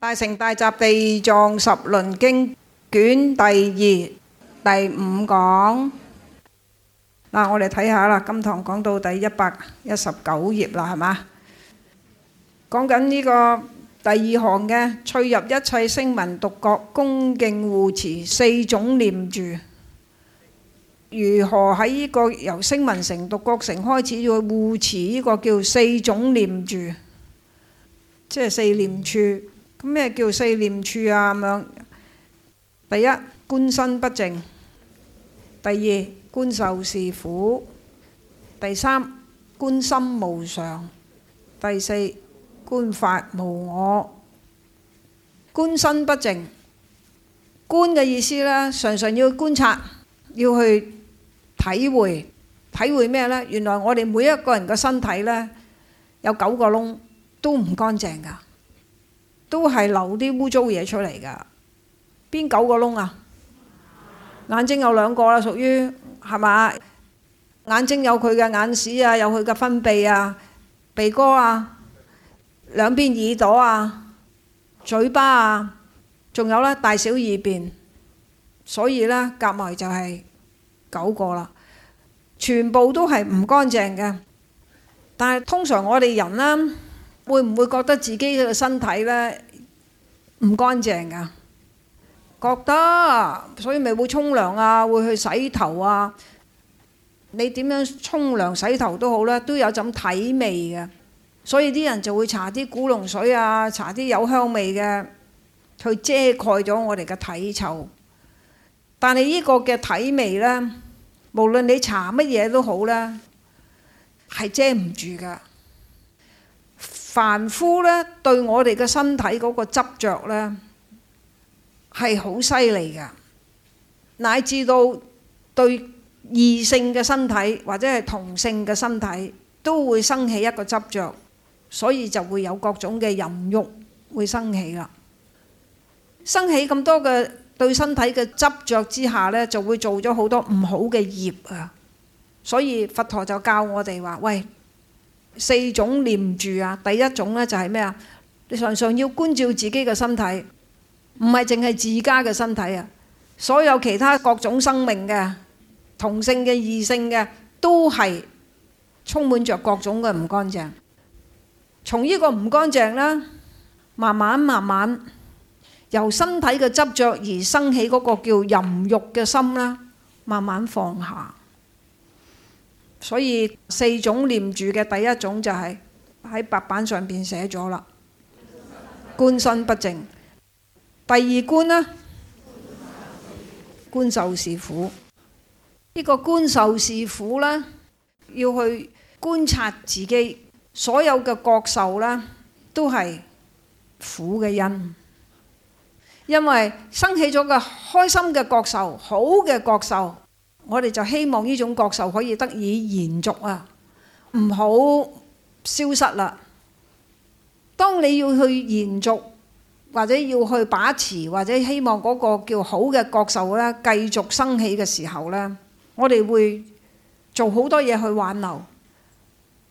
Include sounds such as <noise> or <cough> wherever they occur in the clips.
大乘大集地藏十輪經卷第二，第五講。嗱，我哋睇下啦。今堂講到第一百一十九頁啦，係嘛？講緊呢個第二行嘅，趣入一切聲聞獨覺恭敬護持四種念住，如何喺呢個由聲聞成獨覺成開始去護持呢個叫四種念住，即係四念處。咩叫四念處啊？咁樣，第一觀身不淨，第二觀受是苦，第三觀心無常，第四觀法無我。觀身不淨，觀嘅意思呢，常常要觀察，要去體會，體會咩呢？原來我哋每一個人嘅身體呢，有九個窿，都唔乾淨㗎。都係留啲污糟嘢出嚟噶邊九個窿啊？眼睛有兩個啦，屬於，係咪？眼睛有佢嘅眼屎啊，有佢嘅分泌啊，鼻哥啊，兩邊耳朵啊，嘴巴啊，仲有咧大小二便，所以呢，夾埋就係九個啦，全部都係唔乾淨嘅。但係通常我哋人呢。會唔會覺得自己嘅身體呢唔乾淨噶？覺得，所以咪會沖涼啊，會去洗頭啊。你點樣沖涼洗頭都好啦，都有種體味嘅。所以啲人就會搽啲古龍水啊，搽啲有香味嘅，去遮蓋咗我哋嘅體臭。但係呢個嘅體味呢，無論你搽乜嘢都好啦，係遮唔住噶。凡夫咧，對我哋嘅身體嗰個執着呢係好犀利噶，乃至到對異性嘅身體或者係同性嘅身體，都會生起一個執着，所以就會有各種嘅淫欲會生起啦。生起咁多嘅對身體嘅執着之下呢，就會做咗好多唔好嘅業啊，所以佛陀就教我哋話，喂！四種念住啊！第一種呢，就係咩啊？你常常要觀照自己嘅身體，唔係淨係自家嘅身體啊！所有其他各種生命嘅同性嘅、異性嘅，都係充滿着各種嘅唔乾淨。從呢個唔乾淨啦，慢慢慢慢由身體嘅執着而生起嗰個叫淫欲嘅心啦，慢慢放下。所以四種念住嘅第一種就係喺白板上邊寫咗啦，觀 <laughs> 身不淨。第二觀咧，觀受 <laughs> 是苦。呢、這個觀受是苦呢，要去觀察自己所有嘅覺受咧，都係苦嘅因。因為生起咗個開心嘅覺受、好嘅覺受。我哋就希望呢種覺受可以得以延續啊，唔好消失啦。當你要去延續，或者要去把持，或者希望嗰個叫好嘅覺受咧繼續生起嘅時候呢，我哋會做好多嘢去挽留。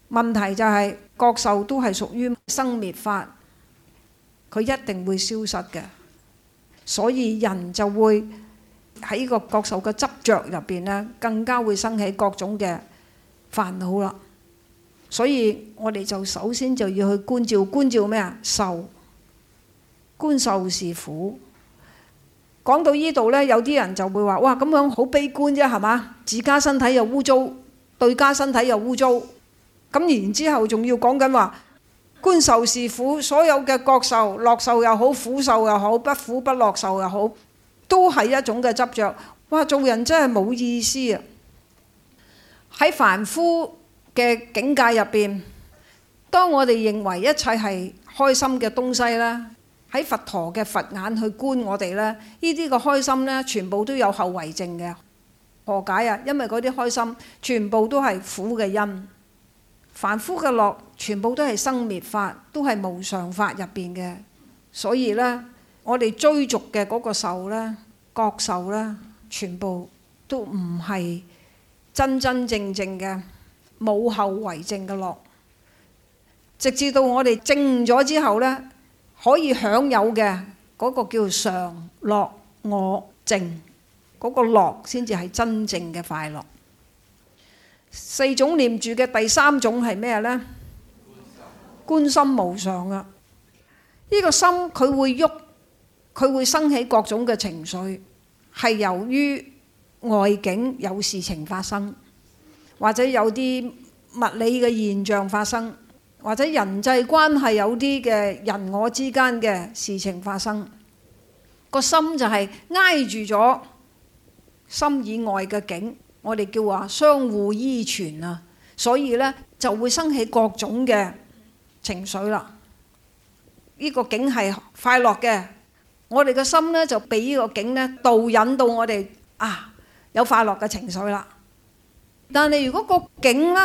問題就係、是、覺受都係屬於生滅法，佢一定會消失嘅，所以人就會。喺呢個覺受嘅執着入邊呢，更加會生起各種嘅煩惱啦。所以我哋就首先就要去觀照，觀照咩啊？受觀受是苦。講到呢度呢，有啲人就會話：哇，咁樣好悲觀啫，係嘛？自家身體又污糟，對家身體又污糟。咁然之後仲要講緊話觀受是苦，所有嘅覺受，樂受又好，苦受又好，不苦不樂受又好。都係一種嘅執着，哇！做人真係冇意思啊！喺凡夫嘅境界入邊，當我哋認為一切係開心嘅東西啦，喺佛陀嘅佛眼去觀我哋咧，呢啲嘅開心呢，全部都有後遺症嘅。何解啊？因為嗰啲開心全部都係苦嘅因，凡夫嘅樂全部都係生滅法，都係無常法入邊嘅，所以呢。我哋追逐嘅嗰個受咧、覺受咧，全部都唔係真真正正嘅無後遺症嘅樂。直至到我哋證咗之後呢，可以享有嘅嗰個叫常樂我淨嗰、那個樂，先至係真正嘅快樂。四種念住嘅第三種係咩呢？觀心，觀心無常啊！呢、這個心佢會喐。佢會生起各種嘅情緒，係由於外境有事情發生，或者有啲物理嘅現象發生，或者人際關係有啲嘅人我之間嘅事情發生，個心就係挨住咗心以外嘅境，我哋叫話相互依存啊，所以呢就會生起各種嘅情緒啦。呢個境係快樂嘅。我哋個心呢，就俾呢個境咧導引到我哋啊有快樂嘅情緒啦。但係如果個境呢，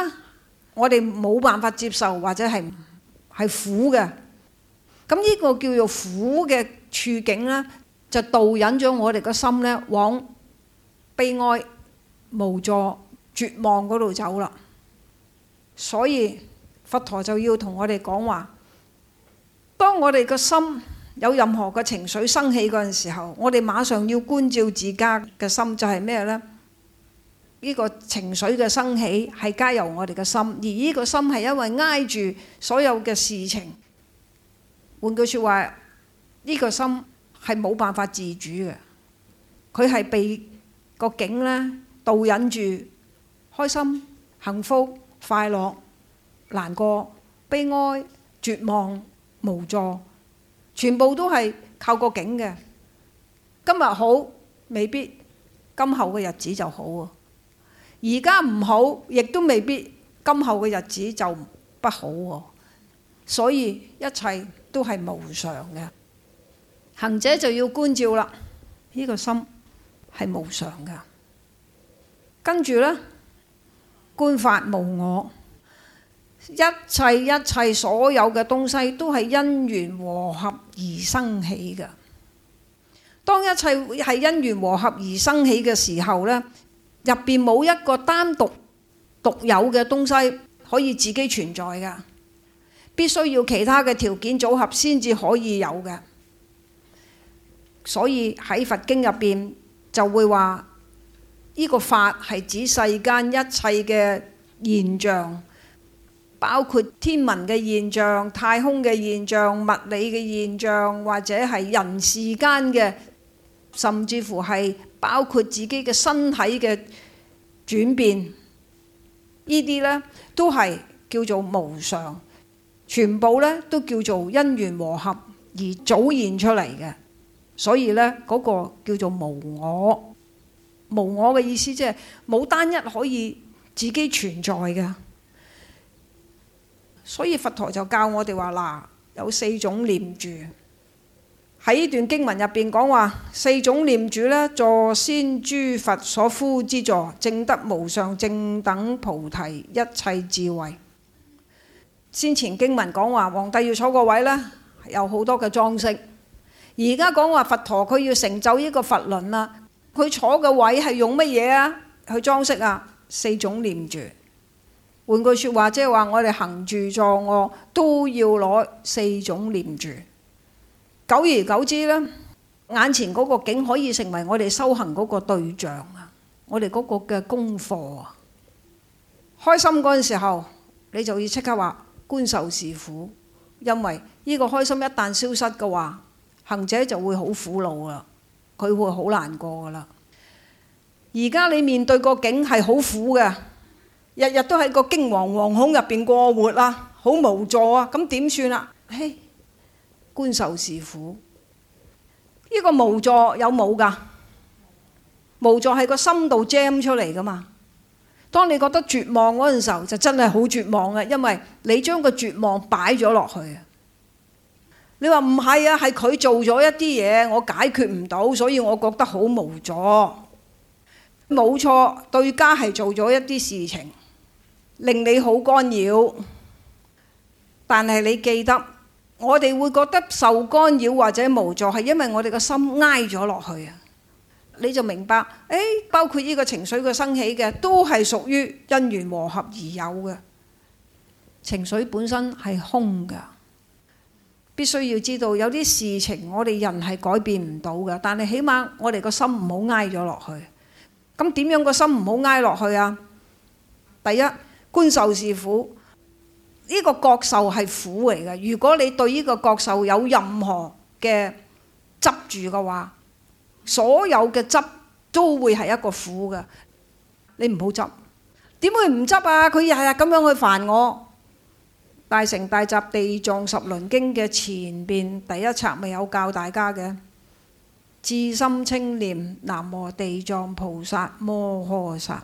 我哋冇辦法接受或者係係苦嘅，咁呢個叫做苦嘅處境呢，就導引咗我哋個心呢往悲哀、無助、絕望嗰度走啦。所以佛陀就要同我哋講話，當我哋個心。有任何嘅情緒生起嗰陣時候，我哋馬上要觀照自家嘅心，就係咩呢？呢個情緒嘅生起係皆由我哋嘅心，而呢個心係因為挨住所有嘅事情。換句説話，呢個心係冇辦法自主嘅，佢係被個境咧導引住，開心、幸福、快樂、難過、悲哀、絕望、無助。全部都係靠個境嘅，今日好未必今後嘅日子就好喎。而家唔好，亦都未必今後嘅日子就不好喎。所以一切都係無常嘅，行者就要觀照啦。呢個心係無常嘅，跟住呢，觀法無我。一切一切所有嘅東西都係因緣和合而生起嘅。當一切係因緣和合而生起嘅時候呢，入邊冇一個單獨獨有嘅東西可以自己存在噶，必須要其他嘅條件組合先至可以有嘅。所以喺佛經入邊就會話，呢個法係指世間一切嘅現象。包括天文嘅現象、太空嘅現象、物理嘅現象，或者係人世間嘅，甚至乎係包括自己嘅身體嘅轉變，呢啲呢都係叫做無常，全部呢都叫做因緣和合而展現出嚟嘅。所以呢，嗰個叫做無我，無我嘅意思即係冇單一可以自己存在嘅。所以佛陀就教我哋話嗱，有四種念住喺呢段經文入邊講話，四種念住呢，坐先諸佛所敷之座，證得無上正等菩提一切智慧。先前經文講話，皇帝要坐個位呢，有好多嘅裝飾。而家講話佛陀佢要成就呢個佛輪啦，佢坐嘅位係用乜嘢啊？去裝飾啊？四種念住。換句説話，即係話我哋行住坐卧都要攞四種念住。久而久之呢眼前嗰個境可以成為我哋修行嗰個對象啊！我哋嗰個嘅功課啊，開心嗰陣時候，你就要即刻話觀受是苦，因為呢個開心一旦消失嘅話，行者就會好苦惱啦，佢會好難過噶啦。而家你面對個境係好苦嘅。日日都喺個驚惶惶恐入邊過活啊，好無助啊，咁點算啊？嘿，觀受是苦，呢個無助有冇噶？無助係個深度 jam 出嚟噶嘛？當你覺得絕望嗰陣時候，就真係好絕望嘅，因為你將個絕望擺咗落去。你話唔係啊？係佢做咗一啲嘢，我解決唔到，所以我覺得好無助。冇錯，對家係做咗一啲事情。令你好干擾，但係你記得，我哋會覺得受干擾或者無助，係因為我哋個心挨咗落去啊！你就明白，誒，包括呢個情緒嘅生起嘅，都係屬於因緣和合而有嘅。情緒本身係空㗎，必須要知道有啲事情我哋人係改變唔到㗎，但係起碼我哋個心唔好挨咗落去。咁點樣個心唔好挨落去啊？第一。觀受是苦，呢、這個覺受係苦嚟嘅。如果你對呢個覺受有任何嘅執住嘅話，所有嘅執都會係一個苦嘅。你唔好執，點會唔執啊？佢日日咁樣去煩我。大乘大集地藏十輪經嘅前邊第一冊咪有教大家嘅，至心稱念南無地藏菩薩摩訶薩。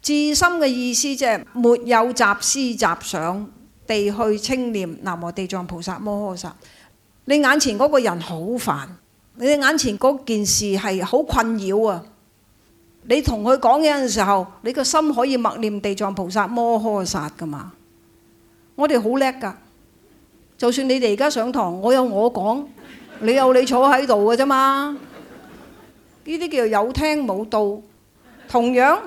至心嘅意思即係沒有雜思雜想地去清念南無地藏菩薩摩訶薩。你眼前嗰個人好煩，你眼前嗰件事係好困擾啊！你同佢講嘢嘅時候，你個心可以默念地藏菩薩摩訶薩㗎嘛？我哋好叻㗎，就算你哋而家上堂，我有我講，你有你坐喺度㗎啫嘛。呢啲叫做有聽冇到，同樣。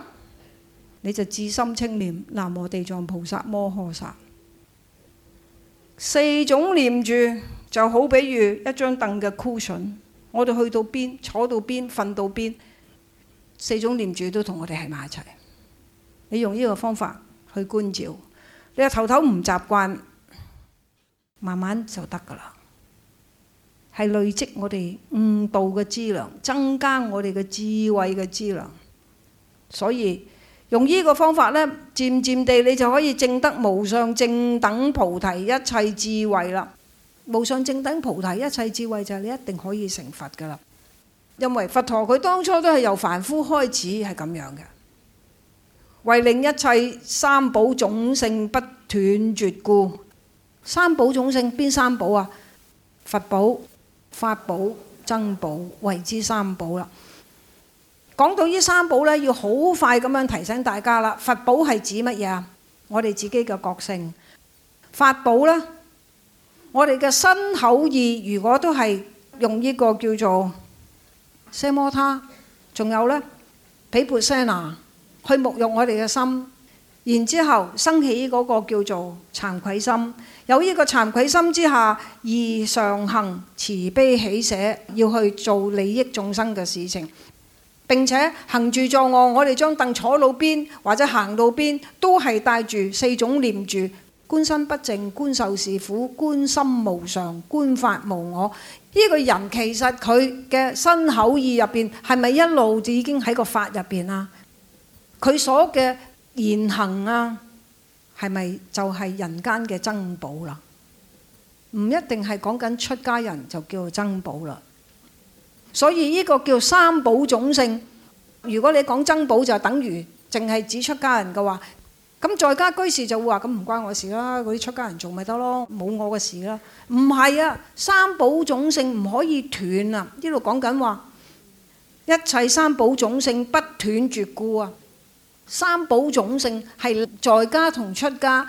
你就至心稱念，南無地藏菩薩摩訶薩，四種念住就好，比如一張凳嘅 cushion，我哋去到邊坐到邊瞓到邊，四種念住都同我哋喺埋一齊。你用呢個方法去觀照，你又頭頭唔習慣，慢慢就得噶啦。係累積我哋悟道嘅資糧，增加我哋嘅智慧嘅資糧，所以。用呢個方法呢，漸漸地你就可以證得無上正等菩提一切智慧啦。無上正等菩提一切智慧就係你一定可以成佛㗎啦。因為佛陀佢當初都係由凡夫開始係咁樣嘅，為令一切三寶種性不斷絕故。三寶種性邊三寶啊？佛寶、法寶、僧寶為之三寶啦。講到呢三寶呢，要好快咁樣提醒大家啦。佛寶係指乜嘢啊？我哋自己嘅覺性，法寶呢，我哋嘅身口意，如果都係用呢個叫做奢摩他，仲有呢毗鉢舍那去沐浴我哋嘅心，然之後生起嗰個叫做慚愧心。有呢個慚愧心之下，而上行慈悲喜捨，要去做利益眾生嘅事情。並且行住坐臥，我哋將凳坐路邊或者行路邊，都係帶住四種念住：觀身不淨、觀受是苦、觀心無常、觀法無我。呢、這個人其實佢嘅身口意入邊，係咪一路就已經喺個法入邊啦？佢所嘅言行啊，係咪就係人間嘅僧寶啦？唔一定係講緊出家人就叫做僧寶啦。所以呢個叫三寶種性。如果你講僧寶就等於淨係指出家人嘅話，咁在家居士就會話：咁唔關我事啦，嗰啲出家人做咪得咯，冇我嘅事啦。唔係啊，三寶種性唔可以斷啊！呢度講緊話，一切三寶種性不斷絕故啊。三寶種性係在家同出家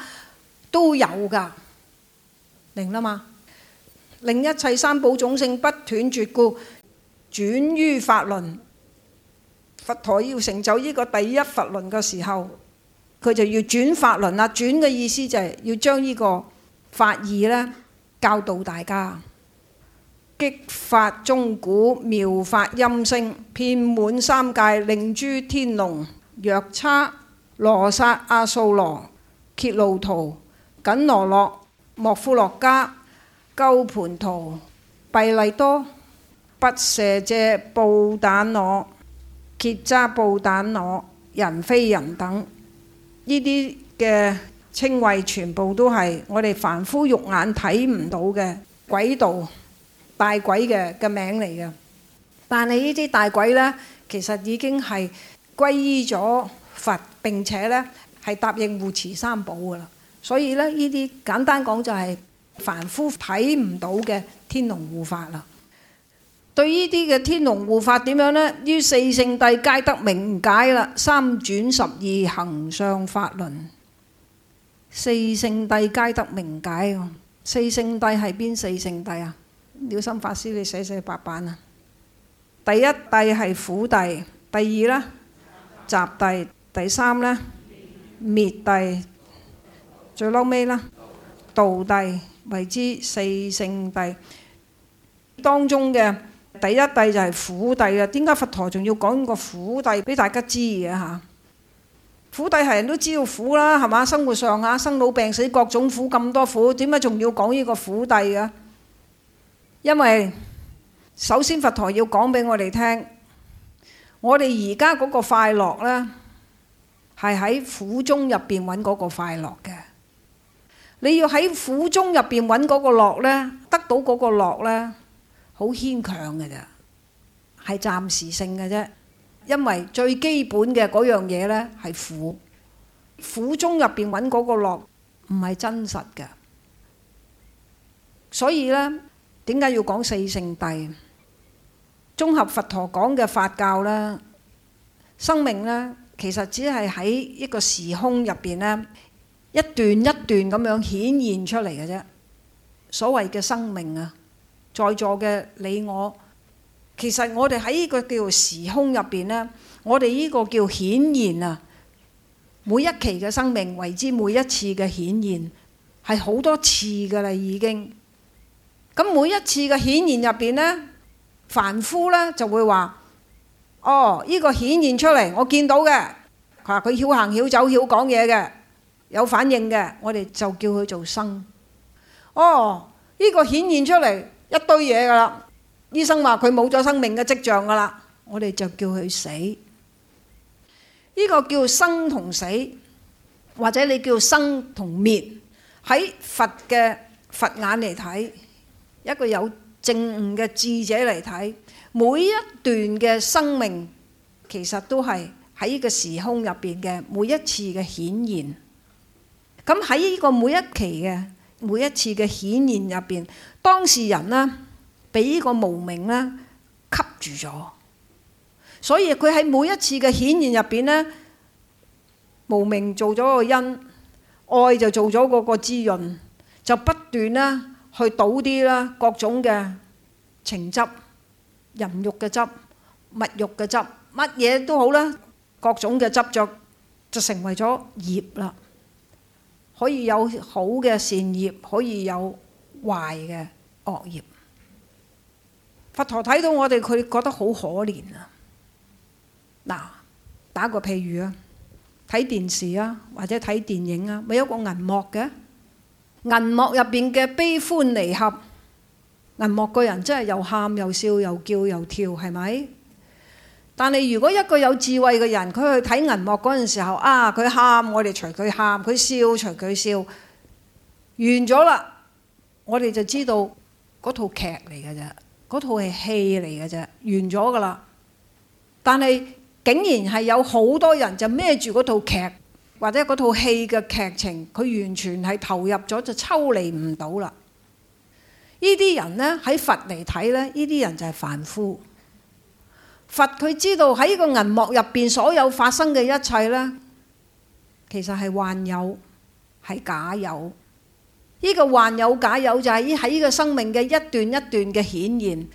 都有㗎，明啦嘛？令一切三寶種性不斷絕故。轉於法輪，佛陀要成就呢個第一佛輪嘅時候，佢就要轉法輪啦。轉嘅意思就係要將呢個法義呢教導大家，擊法鍾鼓，妙法音聲，遍滿三界，令諸天龍藥叉羅剎阿素洛揭路荼緊捺洛莫呼洛伽、鳩畔荼薜荔多。畢舍遮布怛那、羯吒布怛那、人非人等，呢啲嘅稱謂全部都係我哋凡夫肉眼睇唔到嘅鬼道大鬼嘅嘅名嚟嘅。但係呢啲大鬼呢，其實已經係皈依咗佛，並且呢係答應護持三寶噶啦。所以呢，呢啲簡單講就係凡夫睇唔到嘅天龍護法啦。對於啲嘅天龍護法點樣咧？於四聖諦皆得明解啦，三轉十二行相法輪，四聖諦皆得明解。四聖諦係邊四聖諦啊？了心法師你寫寫白板啊！第一諦係苦諦，第二咧集諦，第三咧滅諦，最撈尾啦道諦，為之四聖諦當中嘅。第一諦就係苦諦啦，點解佛陀仲要講個苦諦俾大家知嘅吓？苦諦係人都知道苦啦，係嘛？生活上吓，生老病死各種苦咁多苦，點解仲要講呢個苦諦呀？因為首先佛陀要講俾我哋聽，我哋而家嗰個快樂呢，係喺苦中入邊揾嗰個快樂嘅。你要喺苦中入邊揾嗰個樂呢，得到嗰個樂呢。好牽強嘅。咋，係暫時性嘅啫。因為最基本嘅嗰樣嘢咧，係苦，苦中入邊揾嗰個樂，唔係真實嘅。所以咧，點解要講四聖諦？綜合佛陀講嘅法教咧，生命咧，其實只係喺一個時空入邊咧，一段一段咁樣顯現出嚟嘅啫。所謂嘅生命啊。在座嘅你我，其實我哋喺呢個叫做時空入邊呢，我哋呢個叫顯現啊，每一期嘅生命為之每一次嘅顯現係好多次㗎啦，已經。咁每一次嘅顯現入邊呢，凡夫呢就會話，哦，呢、這個顯現出嚟，我見到嘅，佢佢曉行曉走曉講嘢嘅，有反應嘅，我哋就叫佢做生。哦，呢、這個顯現出嚟。一堆嘢噶啦，醫生話佢冇咗生命嘅迹象噶啦，我哋就叫佢死。呢個叫生同死，或者你叫生同滅。喺佛嘅佛眼嚟睇，一個有正悟嘅智者嚟睇，每一段嘅生命，其實都係喺呢個時空入邊嘅每一次嘅顯現。咁喺呢個每一期嘅。每一次嘅顯現入邊，當事人咧，俾呢個無明咧吸住咗，所以佢喺每一次嘅顯現入邊咧，無明做咗個因，愛就做咗嗰個滋潤，就不斷咧去倒啲啦各種嘅情汁、淫欲嘅汁、物欲嘅汁，乜嘢都好啦，各種嘅執著就成為咗業啦。可以有好嘅善業，可以有壞嘅惡業。佛陀睇到我哋，佢覺得好可憐啊！嗱，打個譬如啊，睇電視啊，或者睇電影啊，咪有個銀幕嘅，銀幕入邊嘅悲歡離合，銀幕個人真係又喊又笑又叫又跳，係咪？但係，如果一個有智慧嘅人，佢去睇銀幕嗰陣時候，啊，佢喊，我哋隨佢喊；佢笑，隨佢笑。完咗啦，我哋就知道嗰套劇嚟嘅啫，嗰套係戲嚟嘅啫，完咗㗎啦。但係，竟然係有好多人就孭住嗰套劇或者嗰套戲嘅劇情，佢完全係投入咗就抽離唔到啦。呢啲人呢，喺佛嚟睇呢，呢啲人就係凡夫。佛佢知道喺呢個銀幕入邊所有發生嘅一切呢，其實係幻有，係假有。呢個幻有假有就係喺呢個生命嘅一段一段嘅顯現，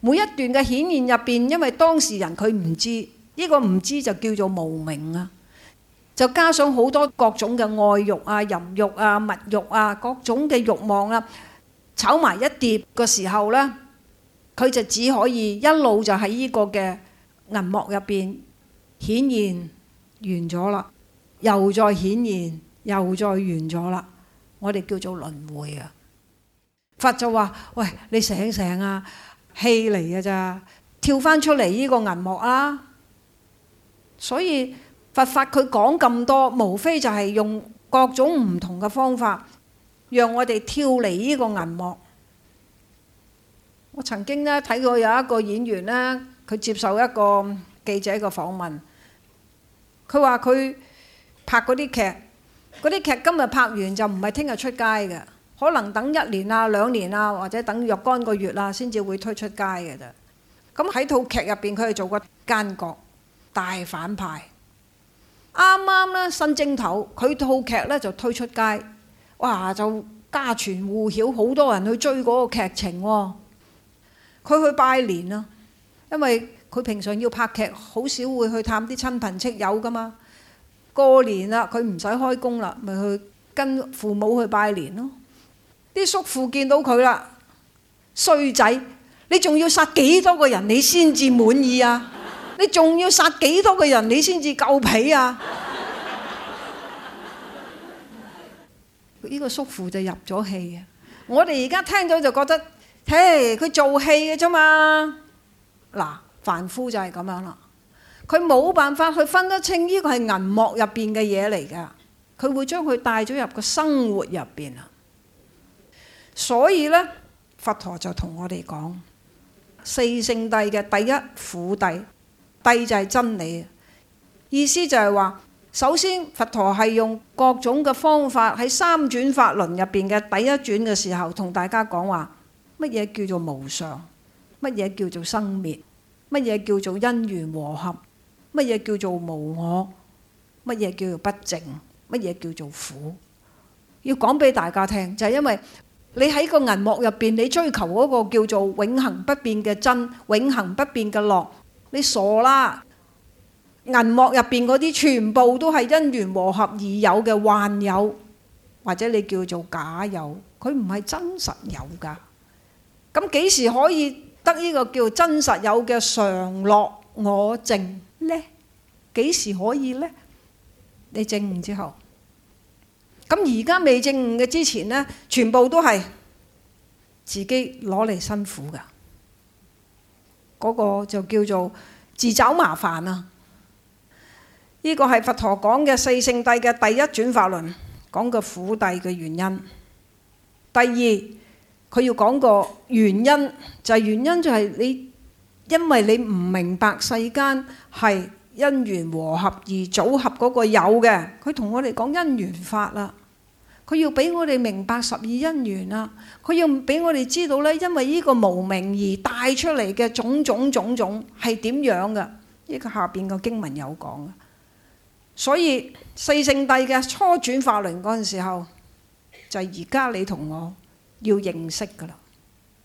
每一段嘅顯現入邊，因為當事人佢唔知，呢個唔知就叫做無明啊。就加上好多各種嘅愛欲啊、淫欲啊、物欲啊，各種嘅慾望啊，炒埋一碟嘅時候呢。佢就只可以一路就喺呢個嘅銀幕入邊顯現完咗啦，又再顯現，又再完咗啦。我哋叫做輪迴啊。佛就話：喂，你醒醒啊，戲嚟㗎咋，跳翻出嚟呢個銀幕啦。所以佛法佢講咁多，無非就係用各種唔同嘅方法，讓我哋跳離呢個銀幕。我曾經呢睇過有一個演員呢，佢接受一個記者嘅訪問。佢話：佢拍嗰啲劇，嗰啲劇今日拍完就唔係聽日出街嘅，可能等一年啊、兩年啊，或者等若干個月啊，先至會推出街嘅啫。咁喺套劇入邊，佢係做個奸角、大反派。啱啱呢新正頭，佢套劇呢就推出街，哇！就家傳戶曉，好多人去追嗰個劇情、哦。佢去拜年咯，因為佢平常要拍劇，好少會去探啲親朋戚友噶嘛。過年啦，佢唔使開工啦，咪去跟父母去拜年咯。啲叔父見到佢啦，衰仔，你仲要殺幾多個人你先至滿意啊？你仲要殺幾多個人你先至夠皮啊？呢 <laughs> 個叔父就入咗戲啊！我哋而家聽咗就覺得。嘿，佢、hey，做戲嘅啫嘛！嗱，凡夫就係咁樣啦，佢冇辦法去分得清呢個係銀幕入邊嘅嘢嚟噶，佢會將佢帶咗入個生活入邊啦。所以呢，佛陀就同我哋講四聖諦嘅第一苦諦，諦就係真理，意思就係話，首先佛陀係用各種嘅方法喺三轉法輪入邊嘅第一轉嘅時候，同大家講話。乜嘢叫做無常？乜嘢叫做生滅？乜嘢叫做因緣和合？乜嘢叫做無我？乜嘢叫做不淨？乜嘢叫做苦？要講俾大家聽，就係因為你喺個銀幕入邊，你追求嗰個叫做永恆不變嘅真，永恆不變嘅樂，你傻啦！銀幕入邊嗰啲全部都係因緣和合而有嘅幻有，或者你叫做假有，佢唔係真實有㗎。咁幾時可以得呢個叫真實有嘅常樂我淨呢？幾時可以呢？你證悟之後，咁而家未證悟嘅之前呢，全部都係自己攞嚟辛苦噶，嗰、那個就叫做自找麻煩啊！呢個係佛陀講嘅四聖諦嘅第一轉法輪，講嘅苦諦嘅原因，第二。佢要講個原因，就係、是、原因就係你，因為你唔明白世間係因緣和合而組合嗰個有嘅。佢同我哋講因緣法啦，佢要俾我哋明白十二因緣啦，佢要俾我哋知道咧，因為呢個無明而帶出嚟嘅種種種種係點樣嘅？呢、這個下邊個經文有講。所以四聖諦嘅初轉法輪嗰陣時候，就係而家你同我。要認識噶啦。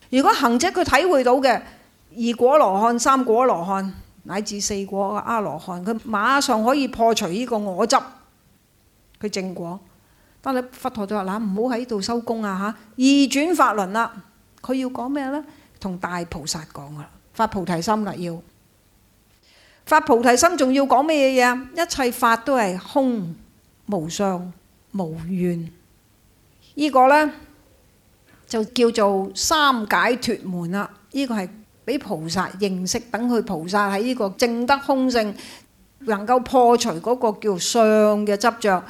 如果行者佢體會到嘅二果羅漢、三果羅漢乃至四果阿羅漢，佢馬上可以破除呢個我執，佢正果。但係佛陀就話：嗱，唔好喺度收工啊！嚇，二轉法輪啦。佢要講咩呢？同大菩薩講噶啦，發菩提心啦，要發菩提心，仲要講咩嘢嘢啊？一切法都係空無相無願，呢、呢個呢。就叫做三解脫門啦，呢個係俾菩薩認識，等佢菩薩喺呢個證得空性，能夠破除嗰個叫相嘅執着，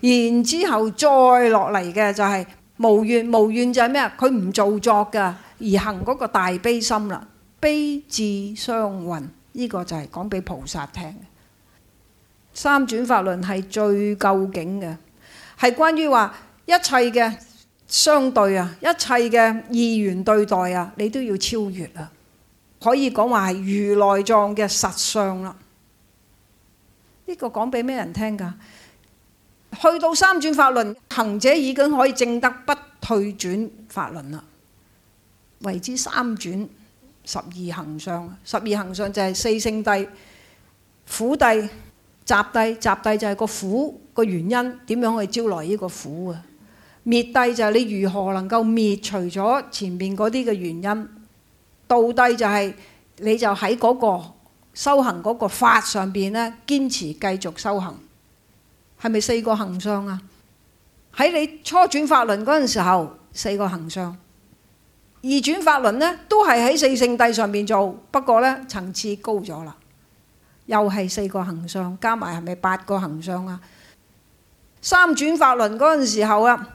然之後再落嚟嘅就係無願，無願就係咩啊？佢唔造作㗎，而行嗰個大悲心啦，悲智雙運，呢個就係講俾菩薩聽。三轉法輪係最究竟嘅，係關於話一切嘅。相對啊，一切嘅二元對待啊，你都要超越啊，可以講話係如來藏嘅實相啦。呢、這個講俾咩人聽㗎？去到三轉法輪，行者已經可以證得不退轉法輪啦。為之三轉十二行相，十二行相就係四聖諦，苦諦、集諦，集諦就係個苦個原因點樣去招來呢個苦啊？滅諦就係你如何能夠滅除咗前面嗰啲嘅原因，道諦就係你就喺嗰個修行嗰個法上邊呢，堅持繼續修行，係咪四個行相啊？喺你初轉法輪嗰陣時候，四個行相，二轉法輪呢，都係喺四聖諦上面做，不過呢，層次高咗啦，又係四個行相，加埋係咪八個行相啊？三轉法輪嗰陣時候啊。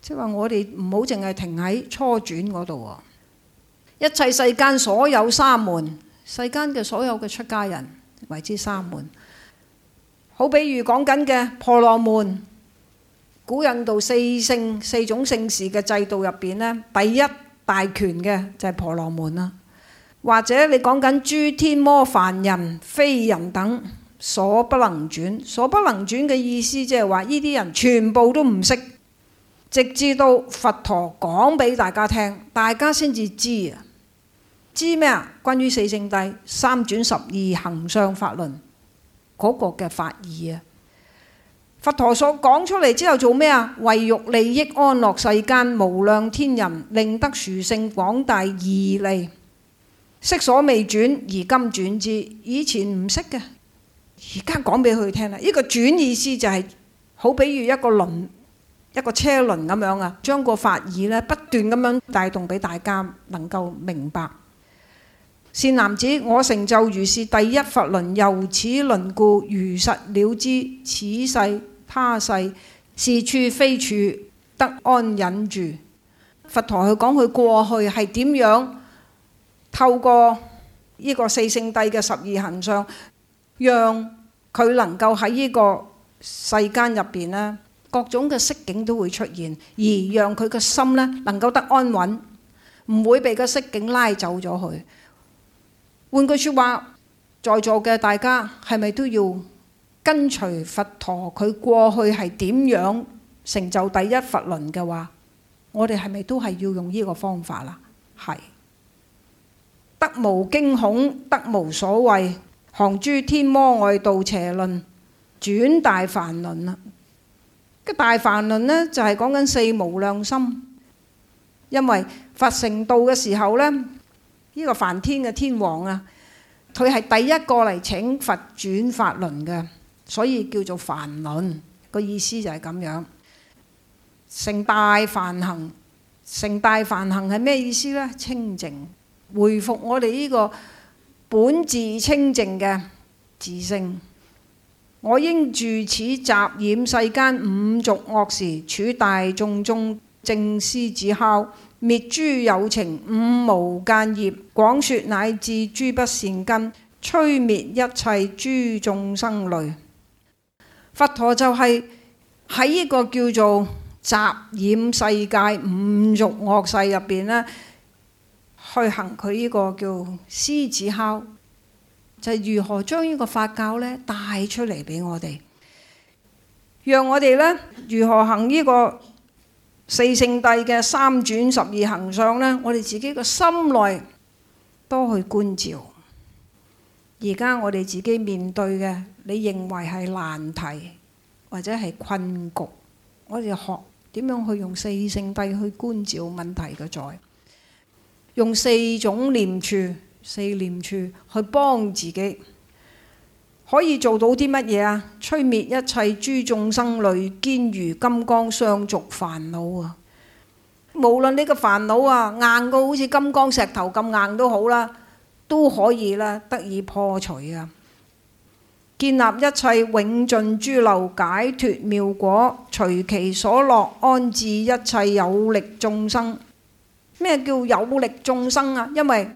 即係話我哋唔好淨係停喺初轉嗰度喎，一切世間所有沙門，世間嘅所有嘅出家人為之沙門。好比如講緊嘅婆羅門，古印度四聖四種姓氏嘅制度入邊呢，第一大權嘅就係婆羅門啦。或者你講緊諸天魔梵人非人等所不能轉，所不能轉嘅意思即係話呢啲人全部都唔識。直至到佛陀講俾大家聽，大家先至知啊，知咩啊？關於四聖諦、三轉十二行相法輪嗰、那個嘅法義啊！佛陀所講出嚟之後做咩啊？為欲利益安樂世間無量天人，令得殊勝廣大義利。昔所未轉，而今轉之。以前唔識嘅，而家講俾佢聽啦。呢、這個轉意思就係、是，好比如一個輪。一個車輪咁樣啊，將個法義咧不斷咁樣帶動俾大家，能夠明白。善男子，我成就如是第一佛輪，由此輪故，如實了知。此世他世是處非處得安忍住。佛陀去講佢過去係點樣，透過呢個四聖諦嘅十二行相，讓佢能夠喺呢個世間入邊呢。各種嘅色境都會出現，而讓佢嘅心呢能夠得安穩，唔會被個色境拉走咗去。換句説話，在座嘅大家係咪都要跟隨佛陀佢過去係點樣成就第一佛輪嘅話？我哋係咪都係要用呢個方法啦？係得無驚恐，得無所畏，降諸天魔外道邪論，轉大梵輪啦。大梵論呢就係講緊四無量心，因為佛成道嘅時候呢，呢個梵天嘅天王啊，佢係第一個嚟請佛轉法輪嘅，所以叫做梵論。個意思就係咁樣。成大梵行，成大梵行係咩意思呢？清淨，回復我哋呢個本自清淨嘅自性。我應住此雜染世間五濁惡時，處大眾中，正師子吼，滅諸有情五無間業，廣說乃至諸不善根，摧滅一切諸眾生類。佛陀就係喺呢個叫做雜染世界五濁惡世入邊呢去行佢呢個叫獅子吼。就係如何將呢個法教咧帶出嚟俾我哋，讓我哋咧如何行呢個四聖諦嘅三轉十二行相咧，我哋自己個心內多去觀照。而家我哋自己面對嘅，你認為係難題或者係困局，我哋學點樣去用四聖諦去觀照問題嘅在，用四種念住。四念處去幫自己，可以做到啲乜嘢啊？摧滅一切諸眾生類，堅如金剛，相續煩惱啊！無論呢個煩惱啊，硬到好似金剛石頭咁硬都好啦，都可以啦，得以破除啊！建立一切永盡諸漏解脫妙果，隨其所樂安置一切有力眾生。咩叫有力眾生啊？因為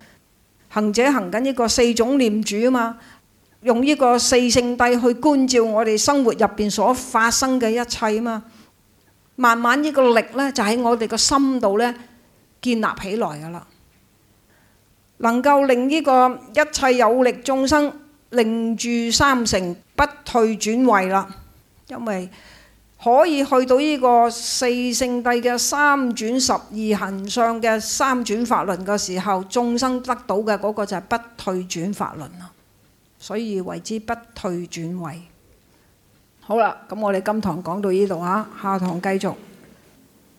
行者行緊呢個四種念住啊嘛，用呢個四聖諦去觀照我哋生活入邊所發生嘅一切啊嘛，慢慢呢個力咧就喺我哋個心度咧建立起來噶啦，能夠令呢個一切有力眾生令住三乘不退轉位啦，因為，可以去到呢個四聖諦嘅三轉十二行相嘅三轉法輪嘅時候，眾生得到嘅嗰個就係不退轉法輪啦，所以為之不退轉位。好啦，咁我哋今堂講到呢度啊，下堂繼續。